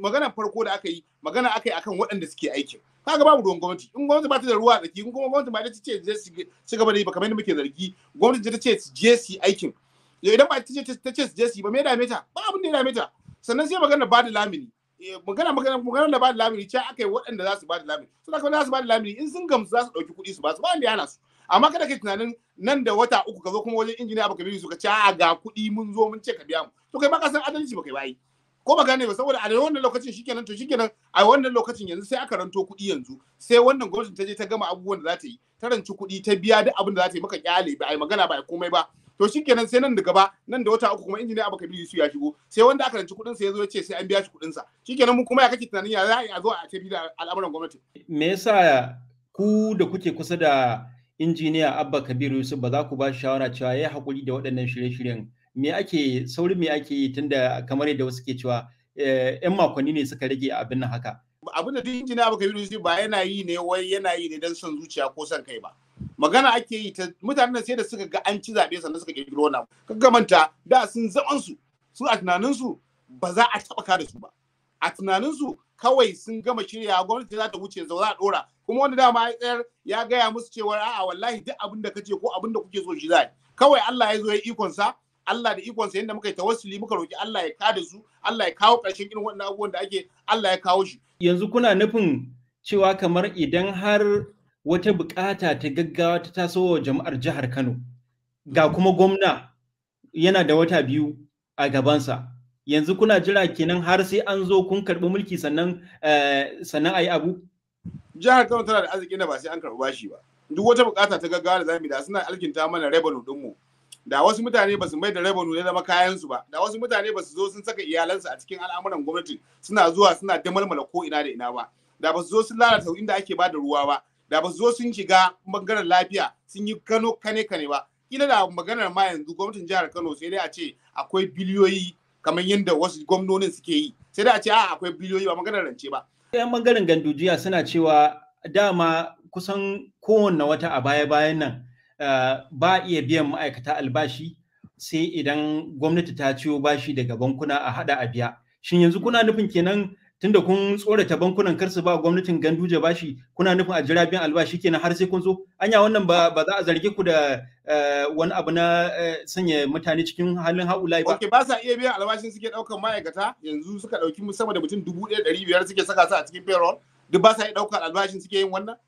magana farko da aka yi magana aka yi akan waɗanda suke aikin kaga babu ruwan gwamnati in gwamnati ba ta da ruwa tsaki in kuma gwamnati ba ta ce je su gaba da yi ba kamar yadda muke zargi gwamnati ta ce su je su aikin idan ba ta ce ta ce su je su ba me dame ta ba abin da ya dame ta sannan sai magana ba da lamini eh, magana magana magana da ba da lamini ce aka yi waɗanda za su ba da lamini su da za su ba da lamini in sun gamsu za su ɗauki kuɗi su ba su ba wanda ya hana su amma kada kai tunanin nan da wata uku ka zo kuma wajen injiniya baka bi su ka ce a ga kuɗi mun zo mun ce ka biya mu to kai ba ka san adalci ba kai ba yi ko ba gane ba saboda a wannan lokacin shikenan to shikenan a wannan lokacin yanzu sai aka ranto kuɗi yanzu sai wannan gwamnati ta je ta gama abubuwan da za ta yi ta ranci kuɗi ta biya duk abin da za ta yi maka kyale ba ai magana ba komai ba to shikenan sai nan da gaba nan da wata uku kuma injiniya abu kabiru su ya shigo sai wanda aka ranci kuɗin sa ya zo ya ce sai an biya shi kuɗin sa shikenan mu kuma ya kake tunanin ya za a zo a tafi da al'amuran gwamnati me yasa ku da kuke kusa da injiniya abba kabiru yusuf ba za ku ba shawara cewa ya hakuri da waɗannan shirye-shiryen me ake saurin me ake yi tunda kamar yadda wasu ke cewa yan eh, makonni ne suka rage abin nan haka abin da duk injiniya baka yi ba yana yi ne wai yana yi ne don son zuciya ko son kai ba magana ake yi ta mutanen sai da suka ga an ci zaɓe sannan suka kirkiro wannan kaga manta da sun zaman su su a tunanin su ba za a taɓa da su ba a tunanin su kawai sun gama shirya gwamnati za ta wuce zau za a dora kuma wanda dama ya tsayar ya gaya musu cewa a'a wallahi duk abin da ce, ko abin da kuke so shi za kawai Allah ya zo ya ikon sa Allah da ikonsa yadda muka yi tawassuli muka roki Allah ya kada su Allah ya kawo ƙarshen irin wannan abubuwan da ake Allah ya kawo shi yanzu kuna nufin cewa kamar idan har wata bukata ta gaggawa ta taso wa jama'ar jihar Kano ga mm-hmm. kuma gwamna yana da wata biyu a gabansa yanzu kuna jira kenan har sai an zo kun karɓi mulki sannan eh, sannan ayi abu jihar Kano tana da arziki da ba sai an karɓi bashi ba duk wata bukata ta gaggawa da zamu da suna alkinta mana revenue dinmu da wasu mutane ba su mai da rabonu ne zama su ba da wasu mutane ba su zo sun saka iyalansu a cikin al'amuran gwamnati suna zuwa suna damalmala ko ina da ina ba da ba su zo sun lalata inda ake ba da ruwa ba da ba su zo sun shiga bangaren lafiya sun yi kano kane kane ba Ina da maganar ma yanzu gwamnatin jihar Kano sai dai a ce akwai biliyoyi kamar yadda wasu gwamnonin suke yi sai dai a ce a akwai biliyoyi ba maganar rance ba yan bangaren gandujiya suna cewa dama kusan kowanne wata a baya bayan nan Eh, ba iya biyan ma'aikata albashi sai idan gwamnati ta ciyo bashi daga bankuna a hada a biya shin yanzu kuna nufin kenan tunda kun tsorata bankunan kar su ba gwamnatin ganduje bashi kuna nufin a jira biyan albashi kenan har sai kun zo anya wannan ba ba za a zarge ku da eh, wani abu na eh, sanya mutane cikin halin haulai ba okay ba sa iya biyan albashin suke daukan ma'aikata yanzu suka dauki sama da mutum dubu ɗaya ɗari biyar suke saka su a cikin payroll duk ba sa iya daukan albashin suke yin wannan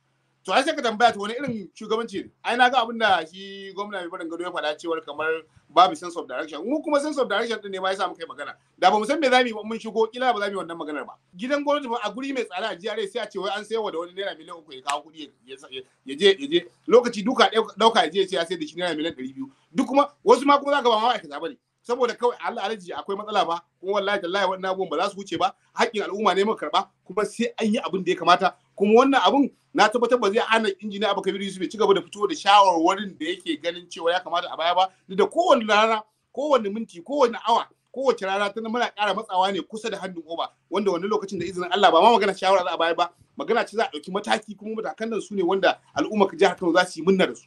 to ai sai ka tambaya to wani irin shugabanci ai na ga abin da shi gwamnati mai barin gado ya faɗa cewar kamar babu sense of direction mu kuma sense of direction din ne ma ya muka kai magana da ba mu san me mu yi mun shigo kila ba za mu yi wannan maganar ba gidan gwamnati ba a guri mai tsada a GRA sai a ce wai an wa da wani naira miliyan uku ya kawo kuɗi ya je ya je lokaci duka dauka ya je ya ya sayar da shi naira miliyan ɗari biyu duk kuma wasu ma kuma za ka ba ma ma'aikata ba ne saboda kawai Allah alaji akwai matsala ba kuma wallahi tallahi wannan abubuwan ba za su wuce ba haƙƙin al'umma ne muka karba kuma sai an yi abin da ya kamata kuma wannan abun na tabbatar ba zai hana injiniya abu kabiru yusuf ya ci gaba da fito da shawarwarin da yake ganin cewa ya kamata a baya ba da kowane rana kowane minti kowane awa kowace rana ta muna ƙara matsawa ne kusa da hannun oba wanda wani lokacin da izinin Allah ba ma magana shawara za a baya ba magana ce za a ɗauki mataki kuma matakan nan su ne wanda al'umma jihar Kano za su yi munna da su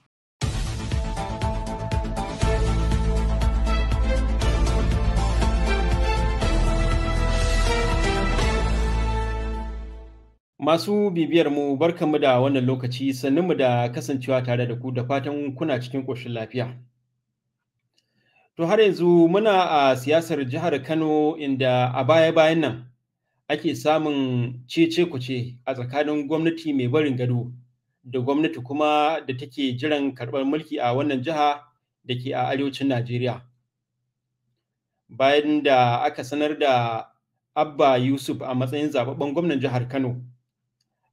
Masu bibiyar mu mu da wannan lokaci mu da kasancewa tare da ku da fatan kuna cikin ƙoshin lafiya. To har yanzu muna a siyasar jihar Kano inda a baya-bayan nan ake samun cece kuce a tsakanin gwamnati mai barin gado da gwamnati kuma da take jiran karɓar mulki a wannan jiha da ke a arewacin Najeriya. Bayan da aka sanar da Abba Yusuf a matsayin zababben gwamnan jihar Kano.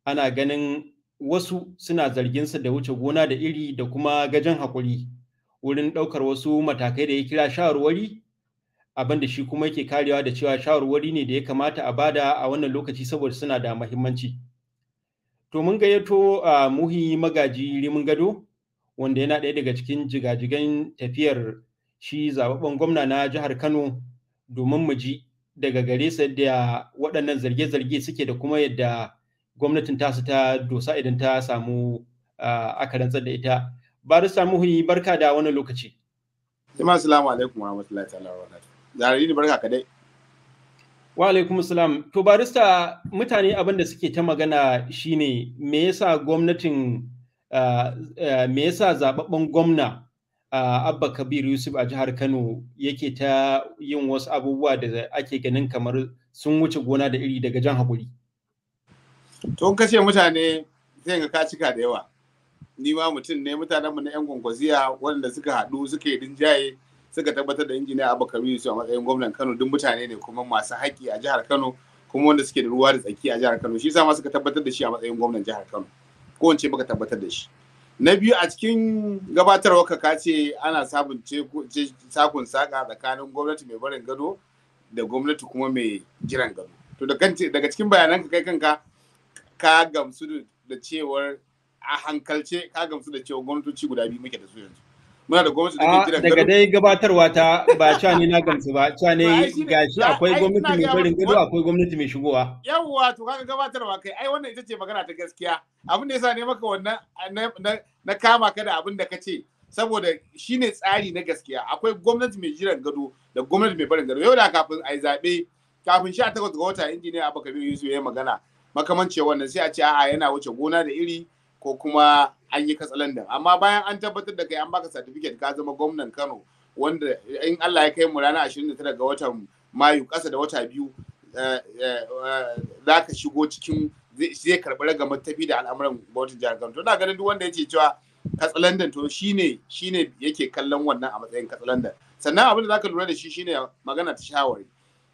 ana ganin wasu suna zarginsa da wuce gona da iri da kuma gajen hakuri, wurin ɗaukar wasu matakai da ya kira shawarwari abin da shi kuma yake karewa da cewa shawarwari ne da ya kamata a bada a wannan lokaci saboda suna da muhimmanci. To mun gayyato a muhi magaji rimin gado wanda yana ɗaya daga cikin jigajigan tafiyar shi zababben gwamna na jihar Kano domin mu ji daga gare sa da waɗannan zarge-zarge suke da kuma yadda gwamnatin tasu ta dosa idan ta samu ah, aka rantsar da ita samu muhi barka da wani lokaci jama'a assalamu alaikum wa rahmatullahi ta'ala wa barakatuh barka ka dai wa alaikum assalam to barista mutane abin da suke ta magana shine me yasa gwamnatin ah, eh, me yasa zababben gwamna ah, abba kabir yusuf a jihar kano yake ta yin wasu abubuwa da ake ganin kamar sun wuce gona da iri daga jan hakuri? to ka ce mutane zai ga ka cika da yawa ni ma mutum ne mutanen mu na yan gwangwaziya wanda suka haɗu suka yi rinjaye suka tabbatar da injiniya Abba Kabiru su a matsayin gwamnan Kano duk mutane ne kuma masu haƙƙi a jihar Kano kuma wanda suke da ruwa da tsaki a jihar Kano shi yasa ma suka tabbatar da shi a matsayin gwamnan jihar Kano ko wance baka tabbatar da shi na biyu a cikin gabatarwa ka ce ana sabunce sakun saka tsakanin gwamnati mai barin gado da gwamnati kuma mai jiran gado to daga cikin bayananka kai kanka ka gamsu da cewar a hankalce ka gamsu da cewa gwamnatoci guda biyu muke da su yanzu muna da gwamnati da ke ah, kira daga dai gabatarwa ta ba cewa ne na gamsu ba cewa ne gashi akwai gwamnati mai barin gado akwai gwamnati mai shigowa yawwa to kaga gabatarwa kai ai wannan ita ce magana ta gaskiya abin da yasa ne maka wannan na kama ka da abin da ka ce saboda shine tsari na gaskiya akwai gwamnati mai jiran gado da gwamnati mai barin gado yau da kafin ai zabe kafin 18 ga wata injiniya biyu Yusuf ya yi magana makamanci wannan sai a ce a'a yana wuce gona da iri ko kuma an yi katsalandan amma bayan an tabbatar da kai an baka certificate ka zama gwamnan Kano wanda in Allah ya kai mu ranar 29 ga watan Mayu kasa da wata biyu eh, eh, za ka shigo cikin zai karɓi ragamar tafi da al'amuran gwamnatin jihar Kano to na ganin duk wanda ya ce cewa katsalandan to shine shine yake kallon wannan a matsayin katsalandan sannan abin da zaka lura da shi shine magana ta shawari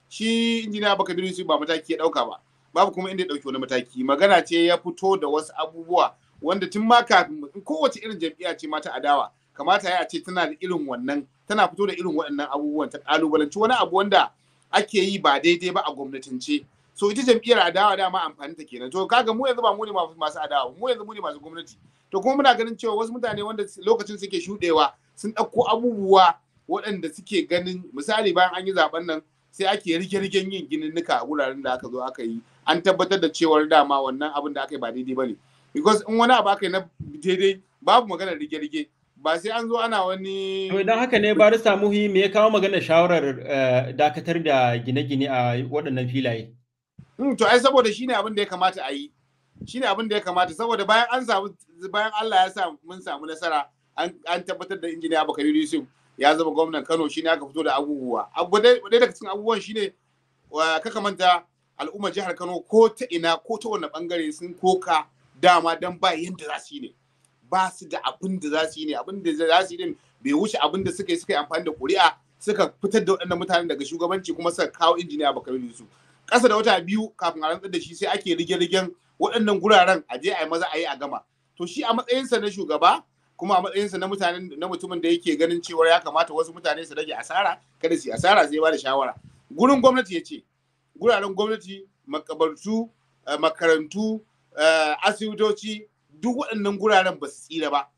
shi injiniya baka dirisu ba mataki ya dauka ba babu kuma inda ya ɗauki wani mataki magana ce ya fito da wasu abubuwa wanda tun ma kafin kowace irin jam'iyya ce ma adawa kamata ya ce tana da irin wannan tana fito da irin waɗannan abubuwan ta kalubalanci wani abu wanda ake yi ba daidai ba a gwamnatance so ita jam'iyyar adawa dama amfani ta kenan to kaga mu yanzu ba mu ne masu adawa mu yanzu mu ne masu gwamnati to kuma muna ganin cewa wasu mutane wanda lokacin suke shuɗewa sun ɗauko abubuwa waɗanda suke ganin misali bayan an yi zaben nan sai ake rike-riken yin gininnika a wuraren da aka zo aka yi an tabbatar da cewar dama wannan abin da aka yi ba daidai ba ne because in wani abu aka yi na daidai babu magana rige-rige ba sai an zo ana wani to idan haka ne ba da muhi me ya kawo magana shawarar eh, dakatar da gine-gine a waɗannan filaye hmm, to ai saboda shine abin da ya kamata a yi shine abin da ya kamata saboda bayan an samu bayan Allah ya sa mun samu nasara an tabbatar da injiniya Bakari Yusuf ya zama gwamnan Kano shine aka fito da abubuwa abu dai daga cikin abubuwan shine kaka manta al'ummar jihar Kano ko ta ina ko ta wani bangare sun koka dama dan ba yanda za su yi ne ba su da abin da za su yi ne abin da za su yi din bai wuce abin da suka yi suka amfani da kuri'a suka fitar da waɗannan mutanen daga shugabanci kuma suka kawo injiniya bakar su ƙasa da wata biyu kafin a rantsar da shi sai ake rige-rigen waɗannan guraren a je a yi maza a yi a gama to shi a matsayinsa na shugaba kuma a matsayinsa na mutanen na mutumin da yake ganin cewa ya kamata wasu mutane su rage asara kada su yi asara sai ba da shawara gurin gwamnati ya ce guraren gwamnati makabartu eh, makarantu eh, asibitoci duk waɗannan guraren ba su tsira ba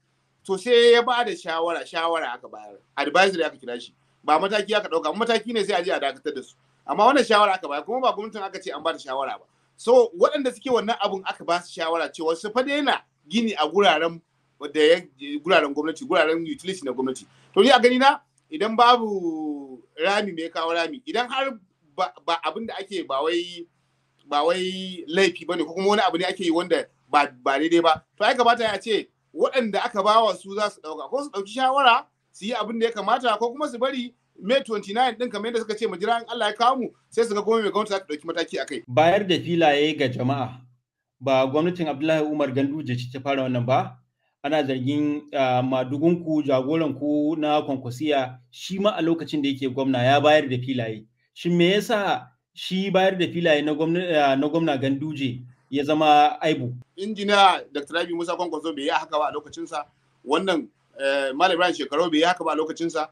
to sai ya ba da shawara shawara aka bayar advisory aka kira shi ba mataki aka ɗauka mataki ne sai a je a dakatar da su amma wannan shawara aka bayar kuma ba gwamnatin aka ce an ba da shawara ba so waɗanda suke wannan abun aka ba su shawara cewa su fa daina gini a guraren da ya guraren gwamnati guraren utility na gwamnati to ni a gani na idan babu rami mai kawo rami idan har ba abin da ake ba wai ba wai laifi bane ko kuma wani abu ne ake yi wanda ba ba daidai ba to ai kamata ya ce waɗanda aka bawa su za su ɗauka ko su ɗauki shawara su yi abin da ya kamata ko kuma su bari May 29 ɗin kamar yadda suka ce mu jira Allah ya kawo mu sai su ga kuma mai gwamnati za ta ɗauki mataki a kai. Bayar da filaye ga jama'a ba gwamnatin Abdullahi Umar Ganduje ce ta fara wannan ba ana zargin madugunku jagoranku na kwankwasiya shi ma a lokacin da yake gwamna ya bayar da filaye. Shin me yasa shi bayar da filaye na gwamna eh, Ganduje ya zama aibu? Injiniya Dr. Rabi Musa Kwankwaso bai yi haka ba a lokacinsa, wannan eh, Malam Ibrahim Shekaru bai yi haka ba a lokacinsa,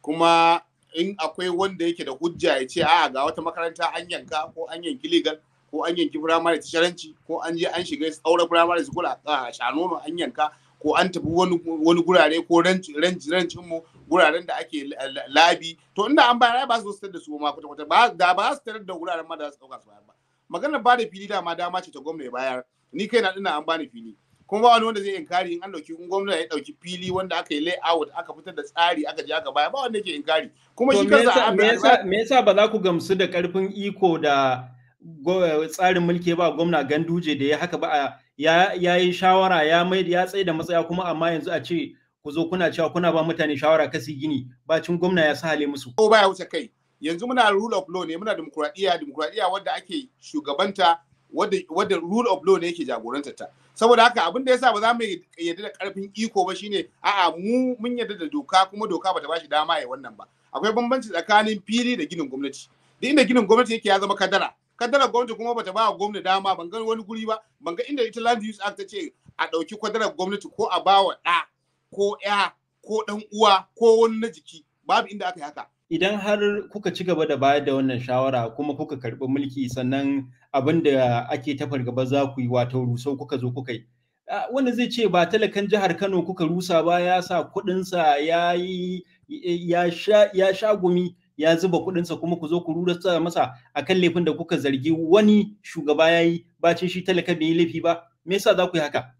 kuma in akwai wanda yake da hujja ya ce a ga wata makaranta an yanka ko an yanki legal ko an yanki firamare ta sharanci ko an je an shiga tsauran firamare su a shanono an yanka ko an tafi wani gurare ko ranci mu wuraren da ake labi to inda an bayar ba su tar da su ma kwata kwata da ba su tarar da wuraren ma da su dauka su bayar ba maganar ba da fili dama dama ce ta gwamnati bayar ni kai na dina an bani fili kuma ba wani wanda zai inkari in an dauki in gwamnati ya dauki fili wanda aka yi layout aka fitar da tsari aka je aka bayar ba wanda yake inkari kuma shi kansa me yasa me yasa ba za ku gamsu da karfin iko da tsarin mulki ba gwamna ganduje da ya haka ba ya yi shawara ya mai ya tsaye da matsaya kuma amma yanzu a ce ku zo kuna cewa kuna ba mutane shawara kasi gini bacin gwamna ya sa hale musu. Ko baya wuce kai yanzu muna rule of law ne muna demokuraɗiyya demokuraɗiyya wadda ake shugabanta wadda rule of law ne yake jagoranta ta. Saboda haka abin da yasa ba za mu yarda da karfin iko ba shine a'a mu mun yarda da doka kuma doka bata bashi dama ya wannan ba. Akwai bambanci tsakanin fili da ginin gwamnati. Duk inda ginin gwamnati yake ya zama kadara. Kadarar gwamnati kuma bata ba wa gwamna dama ban ga wani guri ba ban ga inda ita land use act ta ce a ɗauki kwadarar gwamnati ko a bawa ɗa ko ya ko dan uwa ko wani na jiki babu inda aka yi haka idan har kuka ci gaba da bayar da wannan shawara kuma kuka karɓi mulki sannan abin da ake ta fargaba za ku yi wato rusau kuka zo kuka yi wanda zai ce ba talakan jihar Kano kuka rusa ba ya sa kuɗinsa ya yi ya sha gumi ya zuba kuɗinsa kuma ku zo ku rusa masa akan laifin da kuka zargi wani shugaba ya yi bacin shi talaka bai yi laifi ba me yasa za ku yi haka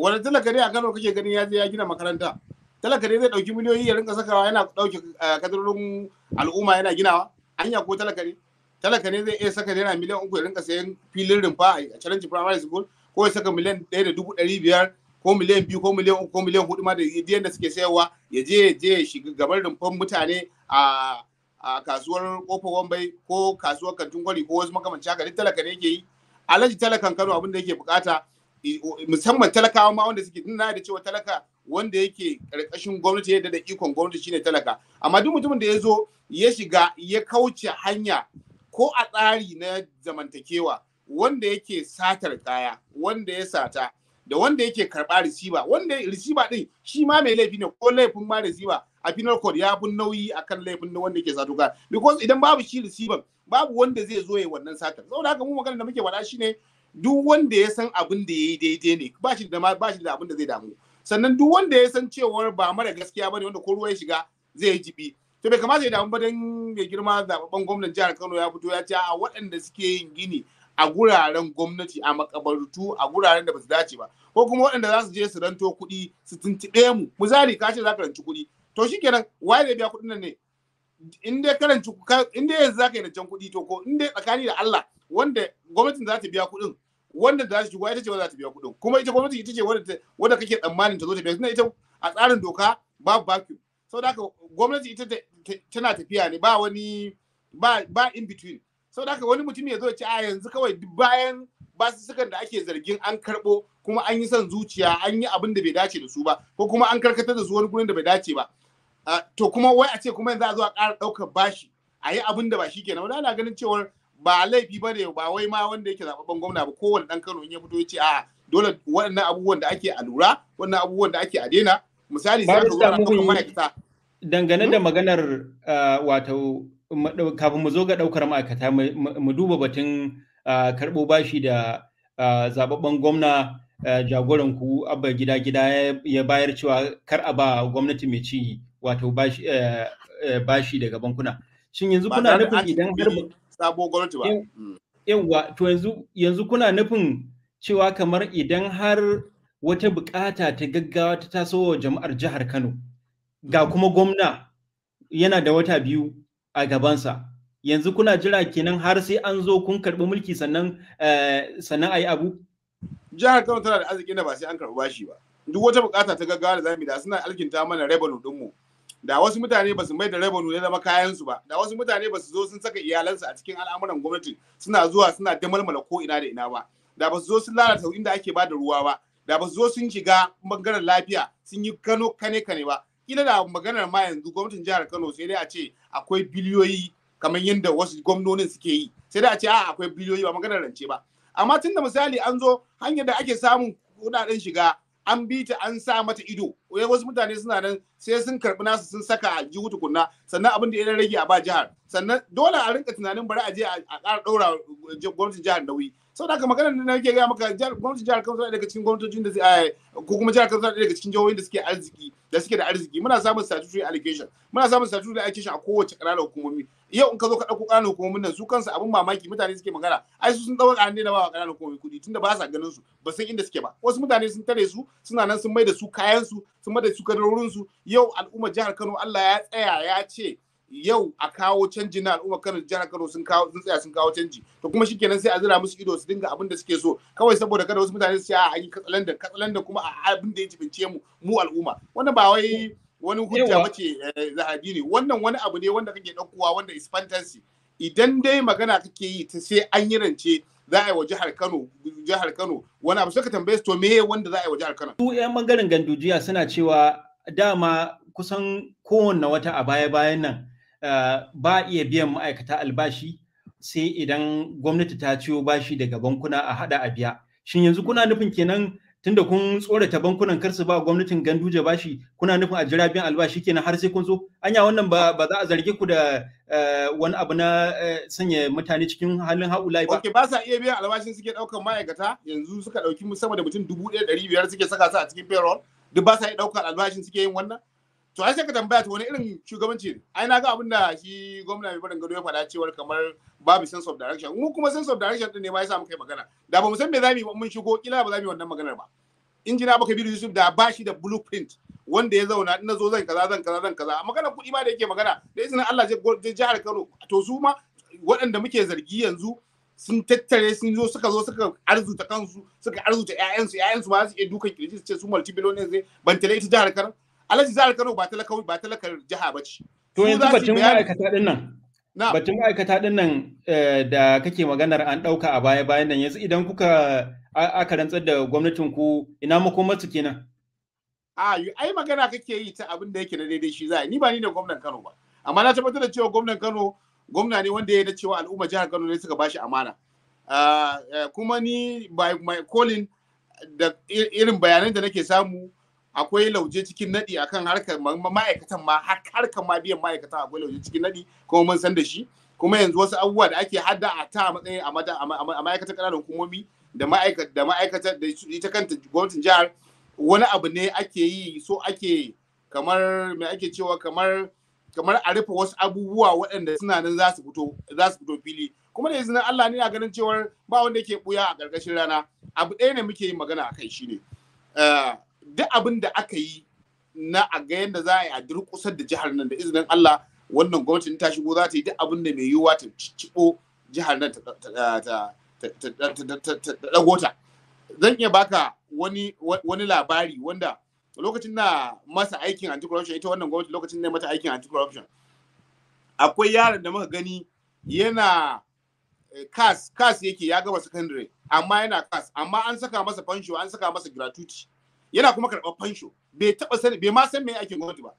wani talaka ne a Kano kake ganin ya je ya gina makaranta talaka ne zai dauki miliyoyi ya rinka sakawa yana dauke eh, kadarorin al'umma yana ginawa anya ko talaka ne zai iya saka naira miliyan uku ya rinka sayan filin rumfa a challenge primary school ko ya saka miliyan ɗaya da dubu ɗari biyar ko miliyan biyu ko miliyan uku ko miliyan hudu ma da yadda da suke sayarwa ya je ya je ya shiga gaban rumfan mutane a a kasuwar kofar wambai ko kasuwar kantin kwari ko wasu makamanci haka duk talaka ne yake yi alhaji talakan kano abin da yake bukata musamman talakawa ma wanda suke na da cewa talaka wanda yake karkashin gwamnati yadda da ikon gwamnati shine talaka amma duk mutumin da ya zo ya shiga ya kauce hanya ko a tsari na zamantakewa wanda yake satar kaya wanda ya sata da wanda yake karɓa risiba wanda risiba din shi ma mai laifi ne ko laifin ma risiba a finar code ya fi nauyi akan laifin wanda yake sato kaya because idan babu shi risiban babu wanda zai zo ya wannan satar saboda haka mu magana da muke wada shine duk wanda ya san abin da yi daidai ne ba shi da ba shi da abin da zai damu sannan duk wanda ya san cewar ba mara gaskiya bane wanda ko ruwa ya shiga zai jibi to bai kamata ya damu ba dan mai girma zababban gwamnan jihar Kano ya fito ya ce a waɗanda suke yin gini a guraren gwamnati a makabartu a guraren da ba su dace ba ko kuma waɗanda za su je su ranto kuɗi su tuntuɓe mu misali ka ce za ka ranci kuɗi to shikenan waye da biya kuɗin nan ne in dai karanci in dai yanzu za ka yi rancen kuɗi to ko in dai tsakani da Allah wanda gwamnatin za ta biya kuɗin wanda za ta ita ce wanda za ta biya kuɗin kuma ita gwamnati ita ce wanda kake tsammanin ta zo ta biya tunda ita a tsarin doka babu vacuum saboda haka gwamnati ita tana tafiya ne ba wani ba ba in between saboda haka wani mutum ya zo ya ce a yanzu kawai bayan basussukan da ake zargin an karɓo kuma an yi son zuciya an yi abin da bai dace da su ba ko kuma an karkatar da su wani gurin da bai dace ba to kuma wai a ce kuma yanzu a zo a ƙara ɗaukar bashi a yi abin da ba shi kenan wani ana ganin cewar ba laifi ba ne ba wai ma wanda yake zaɓaɓɓen gwamna ba kowane dan Kano in ya fito ya ce a dole waɗannan abubuwan da ake a lura waɗannan abubuwan da ake a daina misali za ka zo ana mana ma'aikata dangane da hmm? maganar wato kafin mu zo ga ɗaukar ma'aikata mu duba batun karɓo bashi da zaɓaɓɓen gwamna jagoran ku abba gida gida ya bayar cewa kar a ba gwamnati mai ci wato bashi daga bankuna shin yanzu kuna nufin idan har sabo gwamnati ba yawwa mm. to yanzu kuna nufin cewa kamar idan har wata bukata ta gaggawa ta taso wa jama'ar jihar Kano ga mm. kuma gwamna yana da wata biyu a gabansa yanzu kuna jira kenan har sai an zo kun karɓi mulki sannan eh, sannan ayi abu jihar Kano tana da arziki da ba sai an karɓi bashi ba duk wata bukata ta gaggawa da zamu da suna alkinta mana revenue dinmu da wasu mutane ba su mai da nuna ne zama kayan su ba da wasu mutane ba su zo sun saka iyalansu a cikin al'amuran gwamnati suna zuwa suna da damalmala ko ina da ina ba da ba su zo sun lalata inda ake ba da ruwa ba da ba su zo sun shiga bangaren lafiya sun yi kano kane kane ba Ina da maganar ma yanzu gwamnatin jihar Kano sai dai a ce akwai biliyoyi kamar yadda wasu gwamnonin suke yi sai dai a ce a akwai biliyoyi ba maganar rance ba amma tun da misali an zo hanyar da ake samun kudaden shiga an bi ta an sa mata ido wasu mutane suna nan sai sun karbi nasu sun saka a aljihu tukunna sannan abin da ya rage a ba jihar sannan dole a rinka tunanin bari a je a ƙara ɗaura gwamnatin jihar nauyi saboda haka maganar da nake gaya maka gwamnatin jihar Kano tana daga cikin gwamnatocin da eh, ko kuma jihar Kano tana daga cikin jihohin da suke arziki da suke da arziki muna samun statutory allocation muna samun statutory allocation a kowace ƙananan hukumomi yau in ka zo ka ɗauko ƙananan hukumomin nan su kansu abin mamaki mutane suke magana ai su sun ɗauka ƙananan ne na ba ƙananan hukumomi kuɗi tunda ba sa ganin su ba san inda suke ba wasu mutane sun tare su suna nan sun mai da su kayan su sun mai da su kadarorin su yau al'umma jihar Kano Allah ya tsaya ya ce yau a kawo canji na al'umma Kano jihar Kano sun kawo sun tsaya sun kawo canji to kuma shikenan sai a zira musu ido su dinga abin da suke so kawai saboda kada wasu mutane su ce a an yi katsalandan katsalandan kuma a abin da ya jibince mu mu al'umma wannan ba wai wani hujja bace eh, zahabi ne wannan wani abu ne wanda kake ɗaukowa wanda is fantasy idan dai magana kake yi ta sai an yi rance za a yi wa jihar Kano jihar Kano wani abu suka tambaye su to me wanda za a yi wa jihar Kano su ƴan bangaren gandujiya suna cewa dama kusan kowanne wata a baya bayan nan eh, ba iya biyan ma'aikata albashi sai idan gwamnati ta ciyo bashi daga bankuna a hada a biya shin yanzu kuna nufin kenan tunda kun tsorata bankunan kar su ba gwamnatin ganduje bashi kuna nufin a jira biyan albashi kenan har sai kun zo anya wannan ba ba za a zarge ku da eh, wani abu na eh, sanya mutane cikin halin haula ba okay ba sa iya biyan albashin suke daukan ma'aikata yanzu suka dauki sama da mutum dubu suke saka su a cikin payroll duk ba sa iya daukan albashin suke yin wannan to ai sai ka tambaya to wani irin shugabanci ne ai na ga abin da shi gwamna mai barin gado ya faɗa cewa kamar babu sense of direction mu kuma sense of direction din ne ma yasa muka yi magana da ba mu san me za zamu yi mun shigo kila ba za zamu yi wannan maganar ba injina baka bi Yusuf da ba shi da blueprint wanda ya zauna ina zo zan kaza zan kaza zan kaza a maganar kuɗi ma da yake magana da izinin Allah zai jihar Kano to su ma waɗanda muke zargi yanzu sun tattare sun zo suka zo suka arzuta kansu suka arzuta ƴaƴansu ƴaƴansu ma su iya dukan kirji su ce su multi billionaires ne ban tare ita jihar Kano alhaji zahar kano ba talakawai ba talakar jiha ba ce to yanzu batun ma'aikata din nan batun ma'aikata din nan da kake maganar an ɗauka a baya bayan nan yanzu idan kuka aka rantsar da gwamnatin ku ina mako su kenan a ai magana kake yi ta abin da yake na daidai shi za ni ba ni da gwamnan Kano ba amma na tabbatar da cewa gwamnan Kano gwamna ne wanda ya da cewa al'umma jihar Kano ne suka bashi amana eh, kuma ni by my calling da irin bayanan da nake samu akwai lauje cikin nadi akan harkar ma'aikatan ma harkar ma biyan ma'aikatan akwai lauje cikin nadi kuma mun san da shi kuma yanzu wasu abubuwa da ake hada a ta matsayin a ma'aikatan kananan hukumomi da ma'aikatan da ita kanta gwamnatin jihar wani abu ne ake yi so ake kamar me ake cewa kamar kamar a rufe wasu abubuwa waɗanda suna nan za su fito za su fito fili kuma da izinin Allah ne a ganin cewar ba wanda yake buya a ƙarƙashin rana abu ɗaya ne muke yin magana a kai shine eh, duk abin da aka yi na a ga yadda za a yi a durƙusar da jihar nan da izinin Allah wannan gwamnatin ta shigo za ta yi duk abin da mai yiwuwa ta cibo jihar nan ta ɗago ta. Zan iya baka wani wani labari wanda lokacin na masa aikin anti-corruption ita wannan gwamnati lokacin na mata aikin anti-corruption akwai yaron da muka gani yana kas kas yake ya gaba secondary amma yana kas amma an saka masa fansho an saka masa gratuity yana kuma karɓar fansho bai taɓa sani bai ma san me aikin gwamnati ba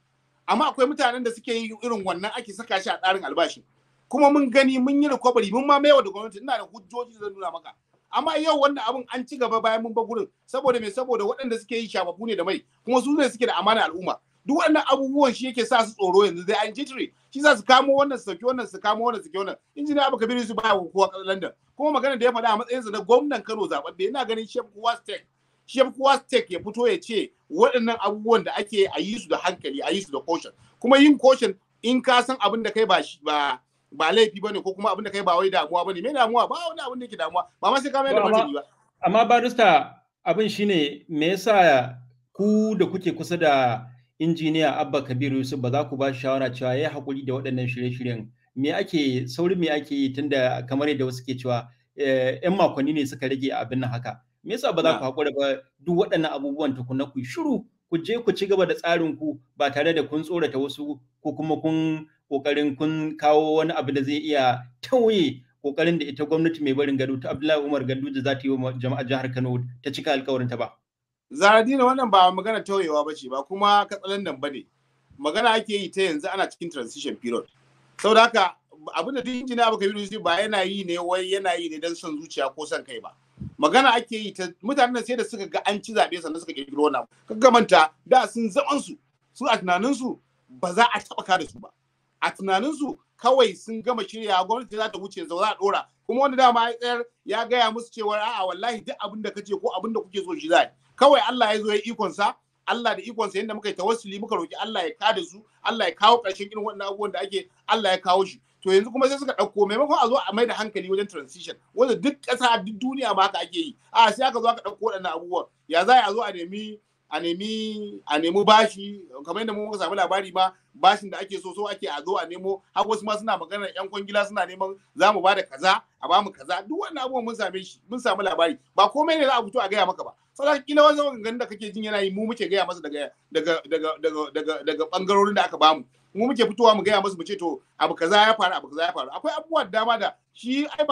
amma akwai mutanen da suke yi irin wannan ake saka shi a tsarin albashi kuma mun gani mun yi recovery mun ma maiwa da gwamnati ina da hujjoji zan nuna maka amma yau wannan abun an ci gaba bayan mun ba gurin saboda me saboda waɗanda suke yi shafafu ne da mai kuma su ne suke da amana al'umma duk waɗannan abubuwan shi yake sa su tsoro yanzu dai an jitri shi za su kamo wannan su saki wannan su kamo wannan su saki wannan injiniya abu kabiru su baya kowa landan kuma magana da ya faɗa a matsayinsa na gwamnan kano zaɓaɓɓe ina ganin shef kowa state shi ya kowa stake ya fito ya ce waɗannan abubuwan da ake a yi su da hankali a yi su da caution kuma yin caution in ka san abin da kai ba ba ba laifi bane ko kuma abin da kai ba wai damuwa bane me damuwa ba wani abin da yake damuwa ba ma sai ka mai da martani ba amma barista abin shine me yasa ku da kuke kusa da injiniya Abba Kabiru Yusuf ba za ku ba shawara cewa yi hakuri da waɗannan shirye-shiryen me ake saurin me ake yi tunda kamar yadda wasu ke cewa 'yan eh, makonni ne suka rage abin haka me yasa ba za ku haƙura ba duk waɗannan abubuwan tukuna ku shiru ku je ku ci gaba da tsarin ku ba tare da kun tsorata wasu ko kuma kun kokarin kun kawo wani abu da zai iya tauye kokarin da ita gwamnati mai barin gado ta Abdullahi Umar Ganduje za ta yi wa jama'a jihar Kano ta cika alƙawarin ta ba Zaradina wannan ba magana tauyewa ba ce ba kuma katsalandan ba ne magana ake yi ta yanzu ana cikin transition period saboda haka abin da duk baka abu kabiru ba yana yi ne wai yana yi ne don son zuciya ko son kai ba magana ake yi ta mutanen sai da suka ga an ci zaɓe sannan suka kirkiro wannan Ka manta da sun zaman su su a tunanin su ba za a taɓa kada su ba a tunanin su kawai sun gama shirya gwamnati za ta wuce za a ɗora? kuma wani dama ya tsayar ya gaya musu cewa a'a wallahi duk abin da ce, ko abin da kuke so shi zai kawai Allah ya zo ya ikon sa Allah da sa yanda muka yi tawassuli muka roki Allah ya kada su Allah ya kawo ƙarshen irin wannan abubuwan da ake Allah ya kawo shi to yanzu kuma sai suka ɗauko maimakon a zo a mai da hankali wajen transition wanda duk ƙasa duk duniya ma haka ake yi a sai aka zo aka ɗauko waɗannan abubuwan ya za a zo a nemi a nemi a nemi bashi kamar yadda muka samu labari ma bashin da ake so so ake a zo a nemo har wasu ma suna magana yan kwangila suna neman za mu bada kaza a bamu kaza duk wannan abubuwan mun same shi mun samu labari ba komai ne za a fito a gaya maka ba saboda kila wani zaman da kake jin yana yi mu muke gaya masa daga daga daga daga daga bangarorin da aka bamu mu muke fitowa mu gaya musu mu ce to abu kaza ya faru abu kaza ya faru akwai abubuwa dama da shi ai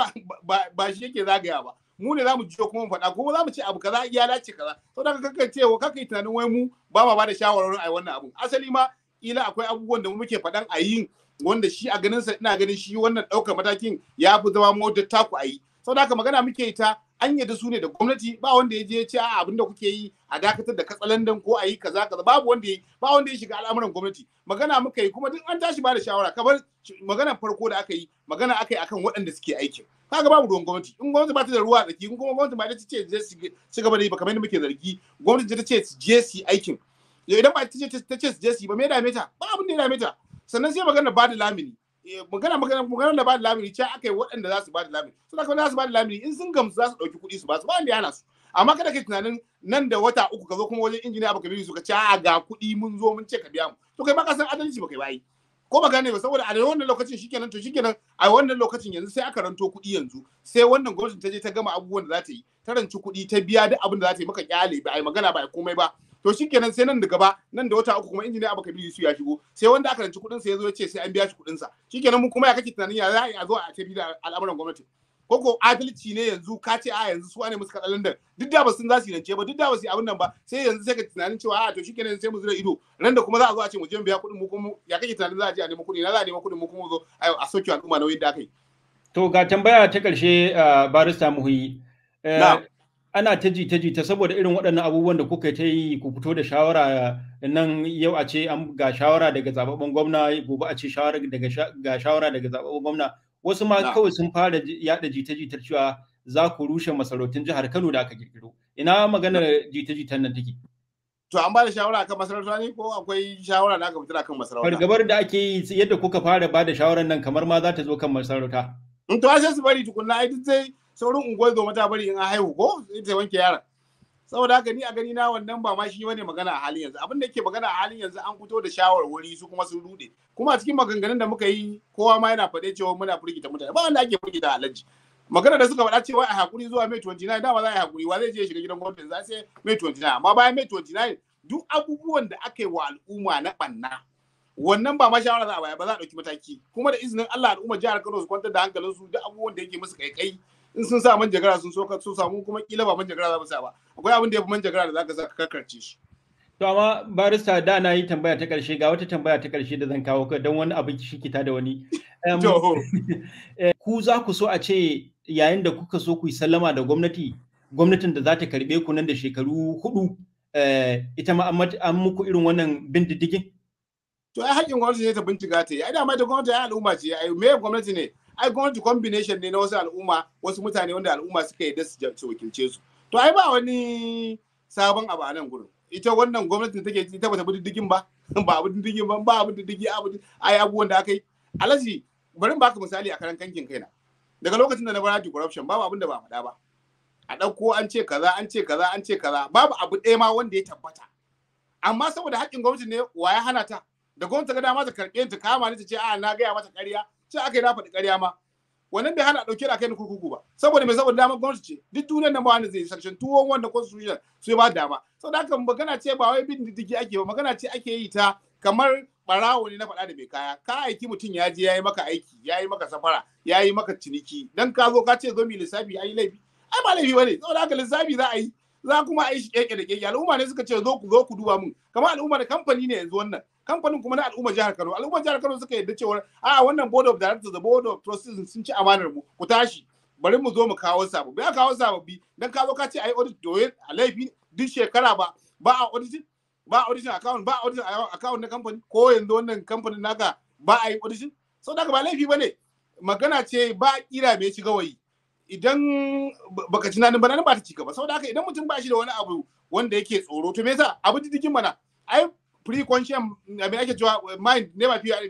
ba ba shi yake zagaya ba mu ne zamu jiyo kuma mu faɗa ko za ce abu kaza ya dace kaza to daga kaka ce wa kaka tunanin wai mu ba ma bada shawararin ai wannan abu asali ma ila akwai abubuwan da mu muke faɗan a yin wanda shi a ganin sa ina ganin shi wannan ɗaukar matakin ya fi zama mota taku a yi saboda haka magana muke ta an yadda su ne da gwamnati ba wanda ya je ya ce a abin da kuke yi a dakatar da katsalandan ko a yi kaza kaza babu wanda ya ba wanda ya shiga al'amuran gwamnati magana muka yi kuma duk an tashi ba da shawara kamar maganar farko da aka yi magana aka yi akan waɗanda suke aikin kaga babu ruwan gwamnati in gwamnati ba ta da ruwa tsaki in kuma gwamnati ba ta ce je su gaba da yi ba kamar yadda muke zargi gwamnati ta ce su je su aikin idan ba ta ce ta ce su je su ba me dame ta ba abin da ya dame ta sannan sai magana ba da lamini Eh, magana magana magana da ba da lamiri ce aka yi waɗanda za su ba da lamiri su da za su ba da lamiri in sun gamsu za su ɗauki kuɗi su ba su ba wanda yana su amma kada kai tunanin nan da wata uku ka zo kuma wajen injiniya baka su ka ce a ga kuɗi mun zo mun ce ka biya mu to kai ba ka san adalci ba kai bai ko ba gane ba saboda a wannan lokacin shikenan to shikenan a wannan lokacin yanzu sai aka ranto kuɗi yanzu sai wannan gwamnati ta je ta gama abubuwan da za ta yi ta ranci kuɗi ta biya duk abin da za ta yi maka kyale ba ai magana ba ai komai ba to shikenan sai nan da gaba nan da wata uku kuma injiniya abu kabiru su ya shigo sai wanda aka ranci kudin sa ya zo ya ce sai an biya shi kudin sa shikenan mu kuma ya kake tunanin ya za a zo a tafi da al'amuran gwamnati koko adalci ne yanzu ka ce a yanzu su ne musu kaɗa London duk da ba sun za su rance ba duk da ba su abin nan ba sai yanzu sai ka tunanin cewa a to shikenan sai mu zira ido nan da kuma za a zo a ce mu je mu biya kuɗin mu kuma ya kake tunanin za a je a nemi kuɗi na za a nemi kuɗin mu kuma zo a soke al'umma nauyin da aka yi. To ga tambaya ta karshe ah, barista muhi. Eh, ana ta jita jita saboda irin waɗannan abubuwan da kuka ta yi ku fito da shawara nan yau a ce ga shawara daga zababban gwamna gobe a ce ga shawara daga zababban gwamna wasu ma kawai sun fara yada jita jita cewa za ku rushe masarautun jihar Kano da aka kirkiro ina maganar jita jitan nan take to an ba da shawara akan masarauta ne ko akwai shawara da aka fitar akan masarauta fargabar da ake yi yadda kuka fara ba da shawarar nan kamar ma za ta zo kan masarauta in to sai su bari tukunna ai duk sai saurin unguwar zo mata bari in an haihu ko sai ta wanke yaron saboda haka ni a gani na wannan ba ma shi bane magana a halin yanzu abin da yake magana a halin yanzu an fito da shawarwari su kuma sun rude kuma a cikin maganganun da muka yi kowa ma yana faɗe cewa muna firgita mutane ba wanda ake firgita alaji magana da suka faɗa cewa a hakuri zuwa mai 29 dama za a yi hakuri wa zai je shiga gidan gwamnati za sai mai 29 amma bayan mai 29 duk abubuwan da aka yi wa al'umma na ɓanna wannan ba ma shawara za a baya ba za a ɗauki mataki kuma da izinin Allah al'umma jihar Kano su kwantar da hankalin su duk abubuwan da yake musu kaikai in sun sa manjagara sun soka sun samu kuma kila ba manjagara za mu sa ba akwai abin da ya fi manjagara da zaka sa ka karkarce shi to amma barista da na yi tambaya ta karshe ga wata tambaya ta karshe da zan kawo don wani abin shi kita da wani eh, ku za ku so a ce yayin da kuka so ku yi sallama da gwamnati gwamnatin da za ta karbe ku nan da shekaru hudu eh, ita ma an muku irin wannan bin diddigin to ai haƙƙin gwamnati ne ta bincika ta yi ai dama ta gwamnati ai al'umma ce ai me gwamnati ne ai gwamnati combination ne na wasu al'umma wasu mutane wanda al'umma suka yi da su wakilce su to ai ba wani sabon abu a nan gurin ita wannan gwamnati da take ita bata bi diddigin ba ba bi diddigin ba ba bi diddigi ai abubuwan da aka yi alaji bari baka misali a karan kankin kaina daga lokacin da na bar corruption babu abin da ba faɗa ba a ɗauko an ce kaza an ce kaza an ce kaza babu abu ɗaya ma wanda ya tabbata amma saboda haƙƙin gwamnati ne wa ya hana ta da gwamnati ga dama ta karɓe ta kama ni ta ce a na gaya mata ƙarya ce aka yi na faɗi ƙarya ma wannan bai hana ɗauke da kai ni kurkuku ba saboda mai saboda dama gwamnati ce duk duniyar nan ba wanda zai section 211 na constitution sai ba dama saboda haka magana ce ba wai bin diddigi ake ba magana ce ake yi ta kamar barawo ne na faɗa da mai kaya ka aiki mutum ya je ya yi maka aiki ya yi maka safara ya yi maka ciniki dan ka zo ka ce zo mi lissafi ai laifi ai ba laifi bane saboda haka lissafi za a yi za kuma a yi shi keke da keke al'umma ne suka ce zo ku zo ku duba mun kamar al'umma da kamfani ne yanzu wannan kamfanin kuma na al'ummar jihar Kano al'ummar jihar Kano suka yarda cewa a wannan board of directors da board of trustees sun ci amanar mu ku tashi bari mu zo mu kawo sababbi a kawo sababbi dan kawo ka ce ai audit doye a laifi duk shekara ba ba a audit ba a audition account ba a audition account na kamfani ko yanzu wannan kamfanin naka ba a yi audition sau da ba laifi bane magana ce ba kira mai shiga gawayi idan baka ci nanin bananin ba ta ci gaba saboda haka idan mutum ba shi da wani abu wanda yake tsoro to me yasa abu diddigin mana ai pre-conscious um, abin ake cewa uh, mind never fear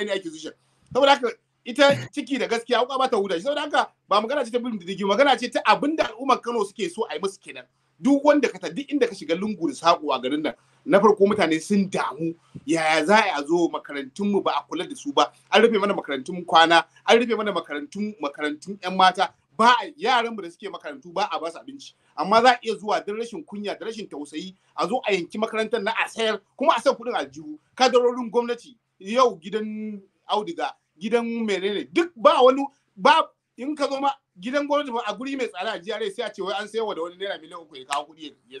any accusation saboda haka ita ciki da gaskiya uka ba ta huda saboda haka ba magana ce ta bin diddigi magana ce ta abinda al'ummar Kano suke so a yi musu kenan duk wanda ka duk inda ka shiga lungu da sako a garin nan na farko mutane sun damu yaya za a zo makarantun mu ba a kula da su ba an rufe mana makarantun kwana an rufe mana makarantun makarantun yan mata ba yaran mu da suke makarantu ba a basu abinci amma za a iya zuwa don rashin kunya da rashin tausayi a zo a yanki makarantar na a sayar kuma a san kuɗin aljihu kadarorin gwamnati yau gidan audiga gidan menene duk ba wani ba in ka zo ma gidan gwamnati ba a guri mai tsada a jiya sai a ce wai an sayarwa da wani naira miliyan uku ya kawo kuɗi ya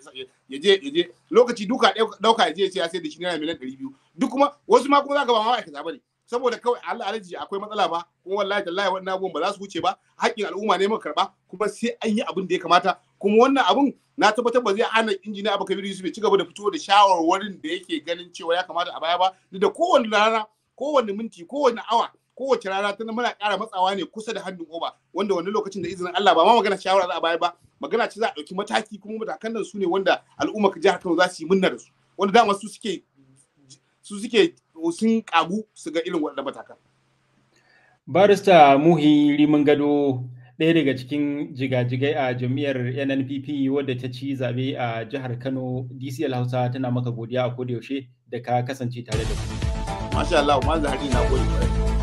je ya je lokaci duka ɗauka ya je ya sai da shi naira miliyan ɗari biyu duk kuma wasu ma kuma za ka ba ma ma'aikata ba ne saboda kawai Allah alaji akwai matsala ba kuma wallahi tallahi wannan abun ba za su huce ba haƙƙin al'umma ne muka karba kuma sai an yi abin da ya kamata kuma wannan abun na tabbatar ba zai hana injiniya Abu Kabiru Yusuf ya ci gaba da fito da shawarwarin da yake ganin cewa ya kamata a baya ba da kowanne rana kowanne minti kowanne awa kowace rana tana muna ƙara matsawa ne kusa da hannun oba wanda wani lokacin da izinin Allah ba ma magana shawara za a baya ba magana ce za a ɗauki mataki kuma matakan nan su ne wanda al'umma jihar Kano za su yi munna da su wanda dama su suke su suke sun kagu su ga irin wadda matakan. Barista Muhi Gado ɗaya daga cikin jigajigai a jam'iyyar NNPP wadda ta ci zaɓe a jihar Kano DCL Hausa tana maka godiya a kodayaushe da ka kasance tare da ku. Masha Allah, ma zahari na gode.